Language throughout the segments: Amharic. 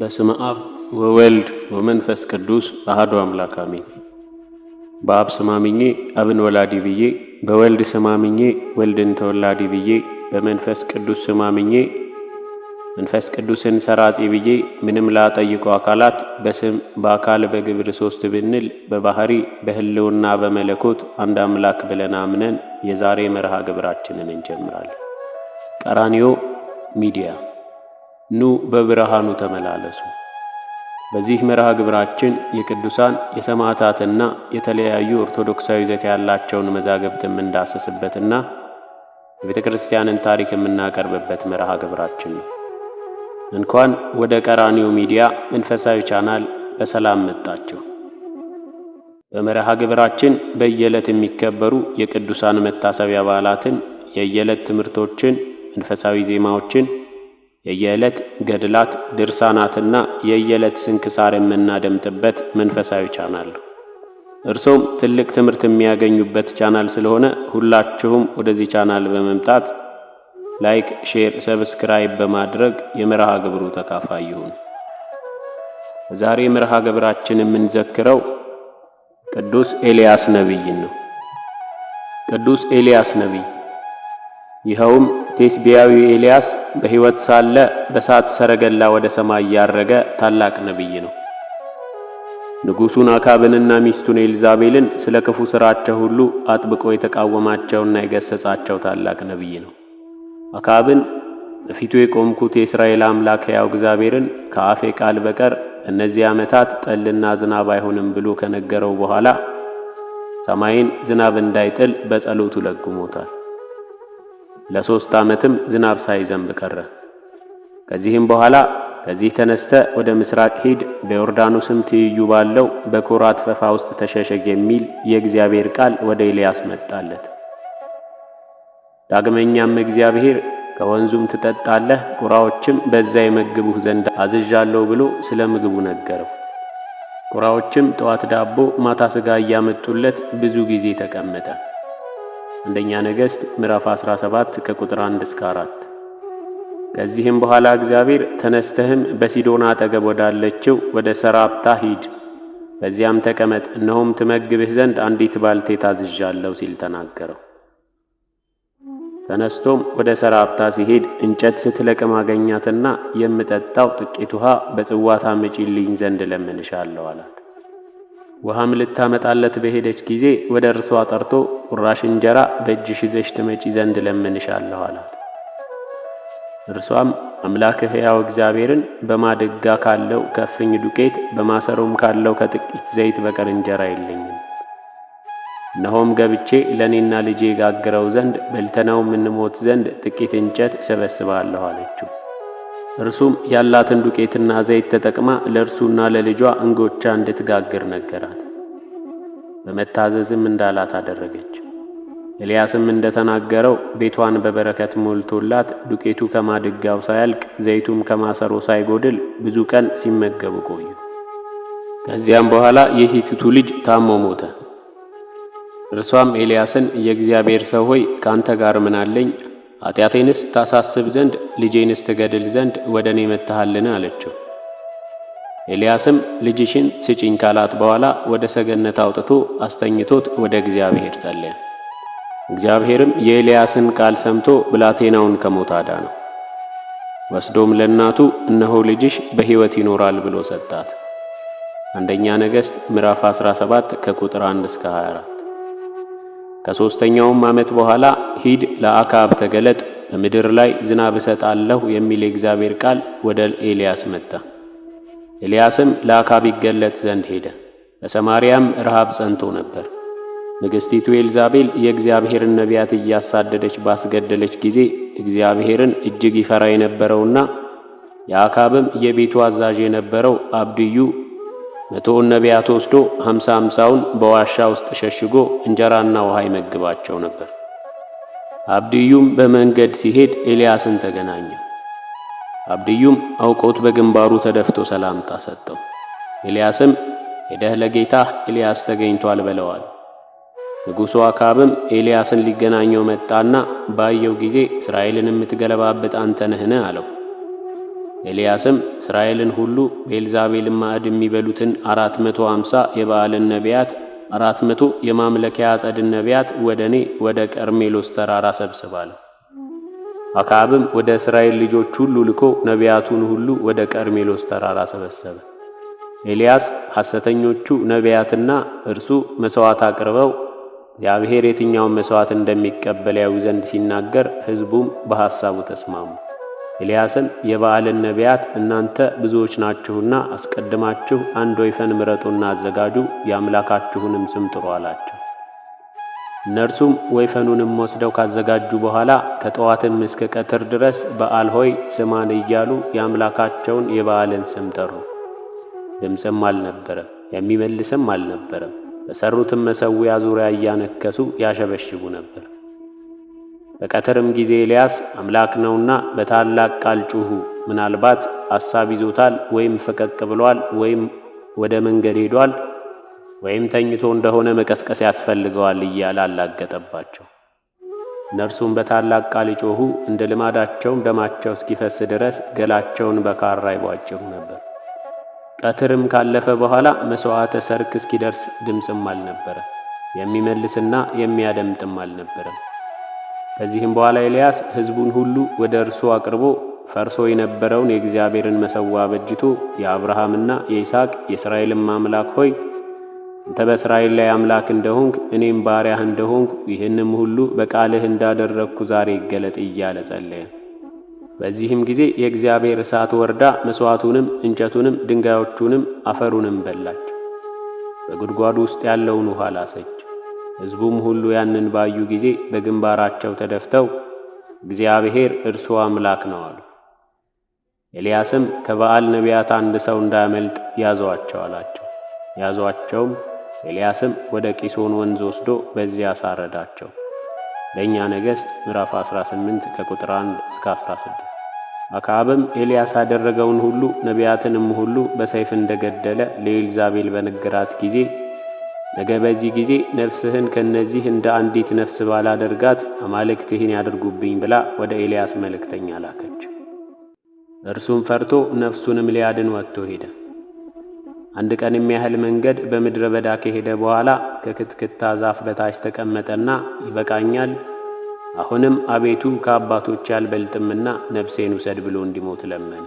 በስመ አብ ወወልድ ወመንፈስ ቅዱስ አሐዱ አምላክ አሜን። በአብ ስማምኜ አብን ወላዲ ብዬ፣ በወልድ ስማምኜ ወልድን ተወላዲ ብዬ፣ በመንፈስ ቅዱስ ስማምኜ መንፈስ ቅዱስን ሰራጺ ብዬ ምንም ላጠይቁ አካላት በስም በአካል በግብር ሶስት ብንል በባህሪ በህልውና በመለኮት አንድ አምላክ ብለን አምነን የዛሬ መርሃ ግብራችንን እንጀምራለን። ቀራኒዮ ሚዲያ ኑ በብርሃኑ ተመላለሱ። በዚህ መርሃ ግብራችን የቅዱሳን የሰማዕታትና የተለያዩ ኦርቶዶክሳዊ ይዘት ያላቸውን መዛግብት የምንዳሰስበትና የቤተ ክርስቲያንን ታሪክ የምናቀርብበት መርሃ ግብራችን ነው። እንኳን ወደ ቀራኒዮ ሚዲያ መንፈሳዊ ቻናል በሰላም መጣችሁ። በመርሃ ግብራችን በየዕለት የሚከበሩ የቅዱሳን መታሰቢያ በዓላትን፣ የየዕለት ትምህርቶችን፣ መንፈሳዊ ዜማዎችን የየዕለት ገድላት ድርሳናትና የየዕለት ስንክሳር የምናደምጥበት መንፈሳዊ ቻናል ነው። እርሶም ትልቅ ትምህርት የሚያገኙበት ቻናል ስለሆነ ሁላችሁም ወደዚህ ቻናል በመምጣት ላይክ፣ ሼር፣ ሰብስክራይብ በማድረግ የመርሃ ግብሩ ተካፋይ ይሁን። ዛሬ መርሃ ግብራችን የምንዘክረው ቅዱስ ኤልያስ ነቢይን ነው። ቅዱስ ኤልያስ ነቢይ ይኸውም ቴስቢያዊ ኤልያስ በሕይወት ሳለ በሳት ሰረገላ ወደ ሰማይ ያረገ ታላቅ ነቢይ ነው። ንጉሡን አካብንና ሚስቱን ኤልዛቤልን ስለ ክፉ ሥራቸው ሁሉ አጥብቆ የተቃወማቸውና የገሰጻቸው ታላቅ ነቢይ ነው። አካብን በፊቱ የቆምኩት የእስራኤል አምላክ ሕያው እግዚአብሔርን ከአፌ ቃል በቀር እነዚህ ዓመታት ጠልና ዝናብ አይሆንም ብሎ ከነገረው በኋላ ሰማይን ዝናብ እንዳይጥል በጸሎቱ ለግሞታል። ለሦስት ዓመትም ዝናብ ሳይዘንብ ቀረ። ከዚህም በኋላ ከዚህ ተነስተ ወደ ምስራቅ ሂድ፣ በዮርዳኖስም ትይዩ ባለው በኮራት ፈፋ ውስጥ ተሸሸግ የሚል የእግዚአብሔር ቃል ወደ ኤልያስ መጣለት። ዳግመኛም እግዚአብሔር ከወንዙም ትጠጣለህ፣ ቁራዎችም በዛ የመግቡህ ዘንድ አዝዣለሁ ብሎ ስለ ምግቡ ነገረው። ቁራዎችም ጠዋት ዳቦ ማታ ሥጋ እያመጡለት ብዙ ጊዜ ተቀመጠ። አንደኛ ነገሥት ምዕራፍ 17 ከቁጥር 1 እስከ 4። ከዚህም በኋላ እግዚአብሔር ተነስተህም በሲዶና አጠገብ ወዳለችው ወደ ሰራፕታ ሂድ፣ በዚያም ተቀመጥ፣ እነሆም ትመግብህ ዘንድ አንዲት ባልቴ አዝዣለሁ ሲል ተናገረው። ተነስቶም ወደ ሰራፕታ ሲሄድ እንጨት ስትለቅም አገኛትና የምጠጣው ጥቂት ውሃ በጽዋ ታመጪልኝ ዘንድ እለምንሻለሁ አላት። ውሃም ልታመጣለት በሄደች ጊዜ ወደ እርሷ ጠርቶ ቁራሽ እንጀራ በእጅሽ ይዘሽ ትመጪ ዘንድ ለምንሻለሁ አላት። እርሷም አምላክ ሕያው እግዚአብሔርን በማድጋ ካለው ከፍኝ ዱቄት በማሰሮም ካለው ከጥቂት ዘይት በቀር እንጀራ የለኝም። እነሆም ገብቼ ለእኔና ልጄ ጋግረው ዘንድ በልተናውም እንሞት ዘንድ ጥቂት እንጨት እሰበስባለሁ አለችው። እርሱም ያላትን ዱቄትና ዘይት ተጠቅማ ለእርሱና ለልጇ እንጎቻ እንድትጋግር ነገራት። በመታዘዝም እንዳላት አደረገች። ኤልያስም እንደተናገረው ቤቷን በበረከት ሞልቶላት ዱቄቱ ከማድጋው ሳያልቅ ዘይቱም ከማሰሮ ሳይጎድል ብዙ ቀን ሲመገቡ ቆዩ። ከዚያም በኋላ የሴቲቱ ልጅ ታሞ ሞተ። እርሷም ኤልያስን የእግዚአብሔር ሰው ሆይ ከአንተ ጋር ምናለኝ ኃጢአቴንስ ታሳስብ ዘንድ ልጄንስ ትገድል ዘንድ ወደ እኔ መጥተሃልን አለችው። ኤልያስም ልጅሽን ስጪኝ ካላት በኋላ ወደ ሰገነት አውጥቶ አስተኝቶት ወደ እግዚአብሔር ጸለየ። እግዚአብሔርም የኤልያስን ቃል ሰምቶ ብላቴናውን ከሞት አዳነው። ወስዶም ለእናቱ እነሆ ልጅሽ በሕይወት ይኖራል ብሎ ሰጣት። አንደኛ ነገሥት ምዕራፍ 17 ከቁጥር 1 እስከ 24 ከሦስተኛውም ዓመት በኋላ ሂድ ለአካብ ተገለጥ፣ በምድር ላይ ዝናብ እሰጣለሁ የሚል የእግዚአብሔር ቃል ወደ ኤልያስ መጣ። ኤልያስም ለአካብ ይገለጥ ዘንድ ሄደ። በሰማርያም ረሃብ ጸንቶ ነበር። ንግሥቲቱ ኤልዛቤል የእግዚአብሔርን ነቢያት እያሳደደች ባስገደለች ጊዜ እግዚአብሔርን እጅግ ይፈራ የነበረውና የአካብም የቤቱ አዛዥ የነበረው አብድዩ መቶውን ነቢያት ወስዶ ሀምሳ ሀምሳውን በዋሻ ውስጥ ሸሽጎ እንጀራና ውሃ ይመግባቸው ነበር። አብድዩም በመንገድ ሲሄድ ኤልያስን ተገናኘ። አብድዩም አውቆት በግንባሩ ተደፍቶ ሰላምታ ሰጠው። ኤልያስም ሄደህ ለጌታህ ኤልያስ ተገኝቷል በለዋል። ንጉሡ አካብም ኤልያስን ሊገናኘው መጣና ባየው ጊዜ እስራኤልን የምትገለባበት አንተ ነህን? አለው። ኤልያስም እስራኤልን ሁሉ በኤልዛቤል ማዕድ የሚበሉትን አራት መቶ አምሳ የበዓልን ነቢያት አራት መቶ የማምለኪያ አጸድን ነቢያት ወደ እኔ ወደ ቀርሜሎስ ተራራ ሰብስባለሁ። አክዓብም ወደ እስራኤል ልጆች ሁሉ ልኮ ነቢያቱን ሁሉ ወደ ቀርሜሎስ ተራራ ሰበሰበ። ኤልያስ ሐሰተኞቹ ነቢያትና እርሱ መሥዋዕት አቅርበው እግዚአብሔር የትኛውን መሥዋዕት እንደሚቀበል ያዩ ዘንድ ሲናገር ሕዝቡም በሐሳቡ ተስማሙ። ኤልያስን የበዓልን ነቢያት እናንተ ብዙዎች ናችሁና አስቀድማችሁ አንድ ወይፈን ምረጡና አዘጋጁ፣ የአምላካችሁንም ስም ጥሩ አላቸው። እነርሱም ወይፈኑንም ወስደው ካዘጋጁ በኋላ ከጠዋትም እስከ ቀትር ድረስ በዓል ሆይ ስማን እያሉ የአምላካቸውን የበዓልን ስም ጠሩ። ድምፅም አልነበረም፣ የሚመልስም አልነበረም። በሠሩትም መሠዊያ ዙሪያ እያነከሱ ያሸበሽቡ ነበር። በቀትርም ጊዜ ኤልያስ አምላክ ነውና በታላቅ ቃል ጩኹ፣ ምናልባት ሐሳብ ይዞታል፣ ወይም ፈቀቅ ብሏል፣ ወይም ወደ መንገድ ሄዷል፣ ወይም ተኝቶ እንደሆነ መቀስቀስ ያስፈልገዋል እያለ አላገጠባቸው። እነርሱም በታላቅ ቃል ይጮኹ፣ እንደ ልማዳቸውም ደማቸው እስኪፈስ ድረስ ገላቸውን በካራ ይቧጭሩ ነበር። ቀትርም ካለፈ በኋላ መሥዋዕተ ሰርክ እስኪደርስ ድምፅም አልነበረ፣ የሚመልስና የሚያደምጥም አልነበረም። ከዚህም በኋላ ኤልያስ ሕዝቡን ሁሉ ወደ እርሱ አቅርቦ ፈርሶ የነበረውን የእግዚአብሔርን መሠዋ በጅቶ የአብርሃምና የይስሐቅ የእስራኤልም አምላክ ሆይ አንተ በእስራኤል ላይ አምላክ እንደሆንክ እኔም ባሪያህ እንደሆንኩ ይህንም ሁሉ በቃልህ እንዳደረግኩ ዛሬ ይገለጥ እያለ ጸለየ። በዚህም ጊዜ የእግዚአብሔር እሳት ወርዳ መሥዋዕቱንም እንጨቱንም ድንጋዮቹንም አፈሩንም በላች፣ በጉድጓዱ ውስጥ ያለውን ውሃ ላሰች። ሕዝቡም ሁሉ ያንን ባዩ ጊዜ በግንባራቸው ተደፍተው እግዚአብሔር እርሱ አምላክ ነው አሉ። ኤልያስም ከበዓል ነቢያት አንድ ሰው እንዳያመልጥ ያዟቸው አላቸው። ያዟቸውም ኤልያስም ወደ ቂሶን ወንዝ ወስዶ በዚያ አሳረዳቸው። ለእኛ ነገሥት ምዕራፍ 18 ከቁጥር 1 እስከ 16። አክዓብም ኤልያስ ያደረገውን ሁሉ ነቢያትንም ሁሉ በሰይፍ እንደገደለ ለኤልዛቤል በነገራት ጊዜ ነገ በዚህ ጊዜ ነፍስህን ከእነዚህ እንደ አንዲት ነፍስ ባላደርጋት አማልክትህን ያደርጉብኝ ብላ ወደ ኤልያስ መልእክተኛ ላከች። እርሱም ፈርቶ ነፍሱንም ሊያድን ወጥቶ ሄደ። አንድ ቀን የሚያህል መንገድ በምድረ በዳ ከሄደ በኋላ ከክትክታ ዛፍ በታች ተቀመጠና ይበቃኛል፣ አሁንም አቤቱ ከአባቶች አልበልጥምና ነፍሴን ውሰድ ብሎ እንዲሞት ለመን።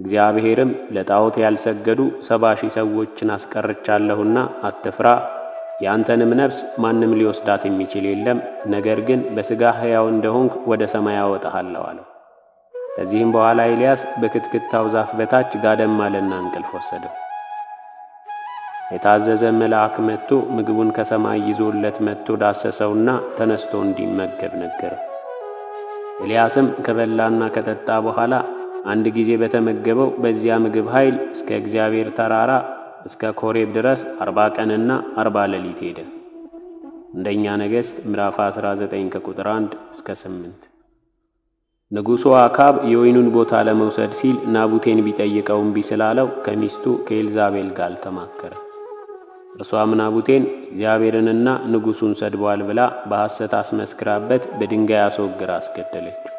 እግዚአብሔርም ለጣዖት ያልሰገዱ ሰባ ሺህ ሰዎችን አስቀርቻለሁና አትፍራ፣ የአንተንም ነፍስ ማንም ሊወስዳት የሚችል የለም። ነገር ግን በሥጋ ሕያው እንደሆንክ ወደ ሰማይ አወጣሃለሁ አለው። ከዚህም በኋላ ኤልያስ በክትክታው ዛፍ በታች ጋደም አለና እንቅልፍ ወሰደው። የታዘዘ መልአክ መጥቶ ምግቡን ከሰማይ ይዞለት መጥቶ ዳሰሰውና ተነስቶ እንዲመገብ ነገረው። ኤልያስም ከበላና ከጠጣ በኋላ አንድ ጊዜ በተመገበው በዚያ ምግብ ኃይል እስከ እግዚአብሔር ተራራ እስከ ኮሬብ ድረስ አርባ ቀንና አርባ ሌሊት ሄደ። አንደኛ ነገሥት ምዕራፍ 19 ከቁጥር 1 እስከ 8። ንጉሡ አካብ የወይኑን ቦታ ለመውሰድ ሲል ናቡቴን ቢጠይቀው እምቢ ስላለው ከሚስቱ ከኤልዛቤል ጋር ተማከረ። እርሷም ናቡቴን እግዚአብሔርንና ንጉሡን ሰድቧል ብላ በሐሰት አስመስክራበት በድንጋይ አስወግራ አስገደለችው።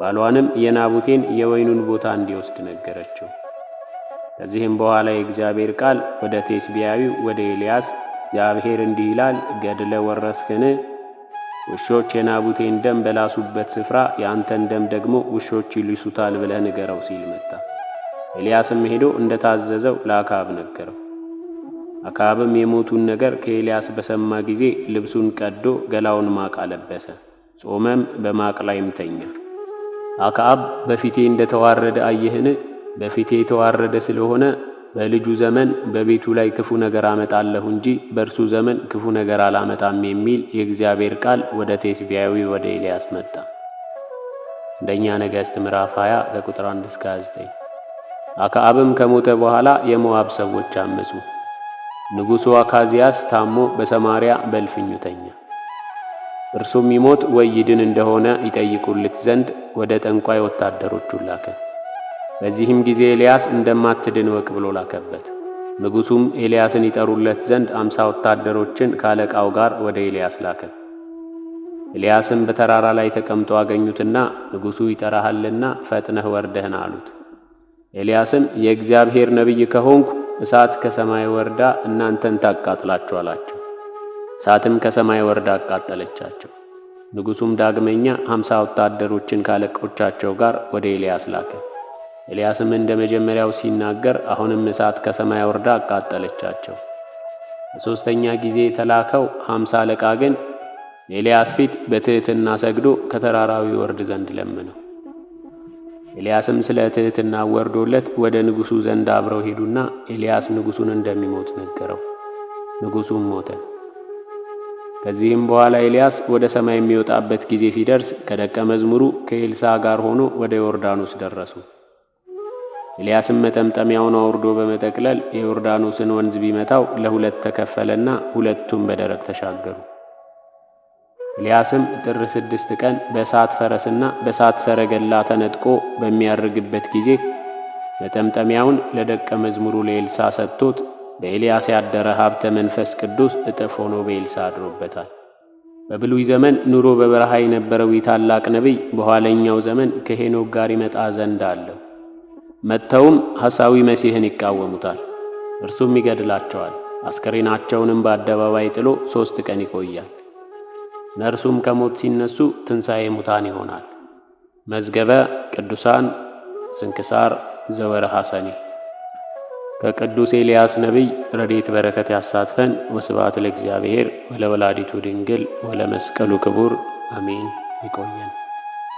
ባሏንም የናቡቴን የወይኑን ቦታ እንዲወስድ ነገረችው። ከዚህም በኋላ የእግዚአብሔር ቃል ወደ ቴስቢያዊው ወደ ኤልያስ እግዚአብሔር እንዲህ ይላል፣ ገድለ ወረስክን? ውሾች የናቡቴን ደም በላሱበት ስፍራ የአንተን ደም ደግሞ ውሾች ይልሱታል ብለህ ንገረው ሲል መጣ። ኤልያስም ሄዶ እንደ ታዘዘው ለአካብ ነገረው። አካብም የሞቱን ነገር ከኤልያስ በሰማ ጊዜ ልብሱን ቀዶ ገላውን ማቅ አለበሰ፣ ጾመም፣ በማቅ ላይም ተኛ። አክዓብ በፊቴ እንደ ተዋረደ አየህን? በፊቴ የተዋረደ ስለሆነ በልጁ ዘመን በቤቱ ላይ ክፉ ነገር አመጣለሁ እንጂ በእርሱ ዘመን ክፉ ነገር አላመጣም የሚል የእግዚአብሔር ቃል ወደ ቴስቢያዊ ወደ ኤልያስ መጣ። አንደኛ ነገሥት ምዕራፍ 20 ከቁጥር 1 እስከ 29። አክዓብም ከሞተ በኋላ የሞዓብ ሰዎች አመፁ። ንጉሡ አካዝያስ ታሞ በሰማርያ በልፍኙተኛ። ተኛ። እርሱም ይሞት ወይ ይድን እንደሆነ ይጠይቁልት ዘንድ ወደ ጠንቋይ ወታደሮቹ ላከ። በዚህም ጊዜ ኤልያስ እንደማትድን ወቅ ብሎ ላከበት። ንጉሡም ኤልያስን ይጠሩለት ዘንድ አምሳ ወታደሮችን ከአለቃው ጋር ወደ ኤልያስ ላከ። ኤልያስም በተራራ ላይ ተቀምጦ አገኙትና ንጉሡ ይጠራሃልና ፈጥነህ ወርደህን አሉት። ኤልያስም የእግዚአብሔር ነቢይ ከሆንኩ እሳት ከሰማይ ወርዳ እናንተን ታቃጥላችኋላችሁ እሳትም ከሰማይ ወርዳ አቃጠለቻቸው። ንጉሡም ዳግመኛ አምሳ ወታደሮችን ካለቆቻቸው ጋር ወደ ኤልያስ ላከ። ኤልያስም እንደ መጀመሪያው ሲናገር አሁንም እሳት ከሰማይ ወርዳ አቃጠለቻቸው። በሦስተኛ ጊዜ የተላከው ሀምሳ አለቃ ግን ኤልያስ ፊት በትሕትና ሰግዶ ከተራራዊ ወርድ ዘንድ ለምነው። ኤልያስም ስለ ትሕትና ወርዶለት ወደ ንጉሡ ዘንድ አብረው ሄዱና ኤልያስ ንጉሡን እንደሚሞት ነገረው። ንጉሡም ሞተ። ከዚህም በኋላ ኤልያስ ወደ ሰማይ የሚወጣበት ጊዜ ሲደርስ ከደቀ መዝሙሩ ከኤልሳ ጋር ሆኖ ወደ ዮርዳኖስ ደረሱ። ኤልያስም መጠምጠሚያውን አውርዶ በመጠቅለል የዮርዳኖስን ወንዝ ቢመታው ለሁለት ተከፈለና ሁለቱም በደረቅ ተሻገሩ። ኤልያስም ጥር ስድስት ቀን በእሳት ፈረስና በእሳት ሰረገላ ተነጥቆ በሚያርግበት ጊዜ መጠምጠሚያውን ለደቀ መዝሙሩ ለኤልሳ ሰጥቶት በኤልያስ ያደረ ሀብተ መንፈስ ቅዱስ እጥፍ ሆኖ በኤልሳ አድሮበታል። በብሉይ ዘመን ኑሮ በበረሃ የነበረው ታላቅ ነቢይ በኋለኛው ዘመን ከሄኖክ ጋር ይመጣ ዘንድ አለው። መጥተውም ሐሳዊ መሲህን ይቃወሙታል፣ እርሱም ይገድላቸዋል። አስከሬናቸውንም በአደባባይ ጥሎ ሦስት ቀን ይቆያል። ነርሱም ከሞት ሲነሱ ትንሣኤ ሙታን ይሆናል። መዝገበ ቅዱሳን ስንክሳር ዘወርኀ ሰኔ ከቅዱስ ኤልያስ ነቢይ ረድኤት በረከት ያሳትፈን። ወስብሐት ለእግዚአብሔር ወለወላዲቱ ድንግል ወለመስቀሉ ክቡር አሜን። ይቆየን።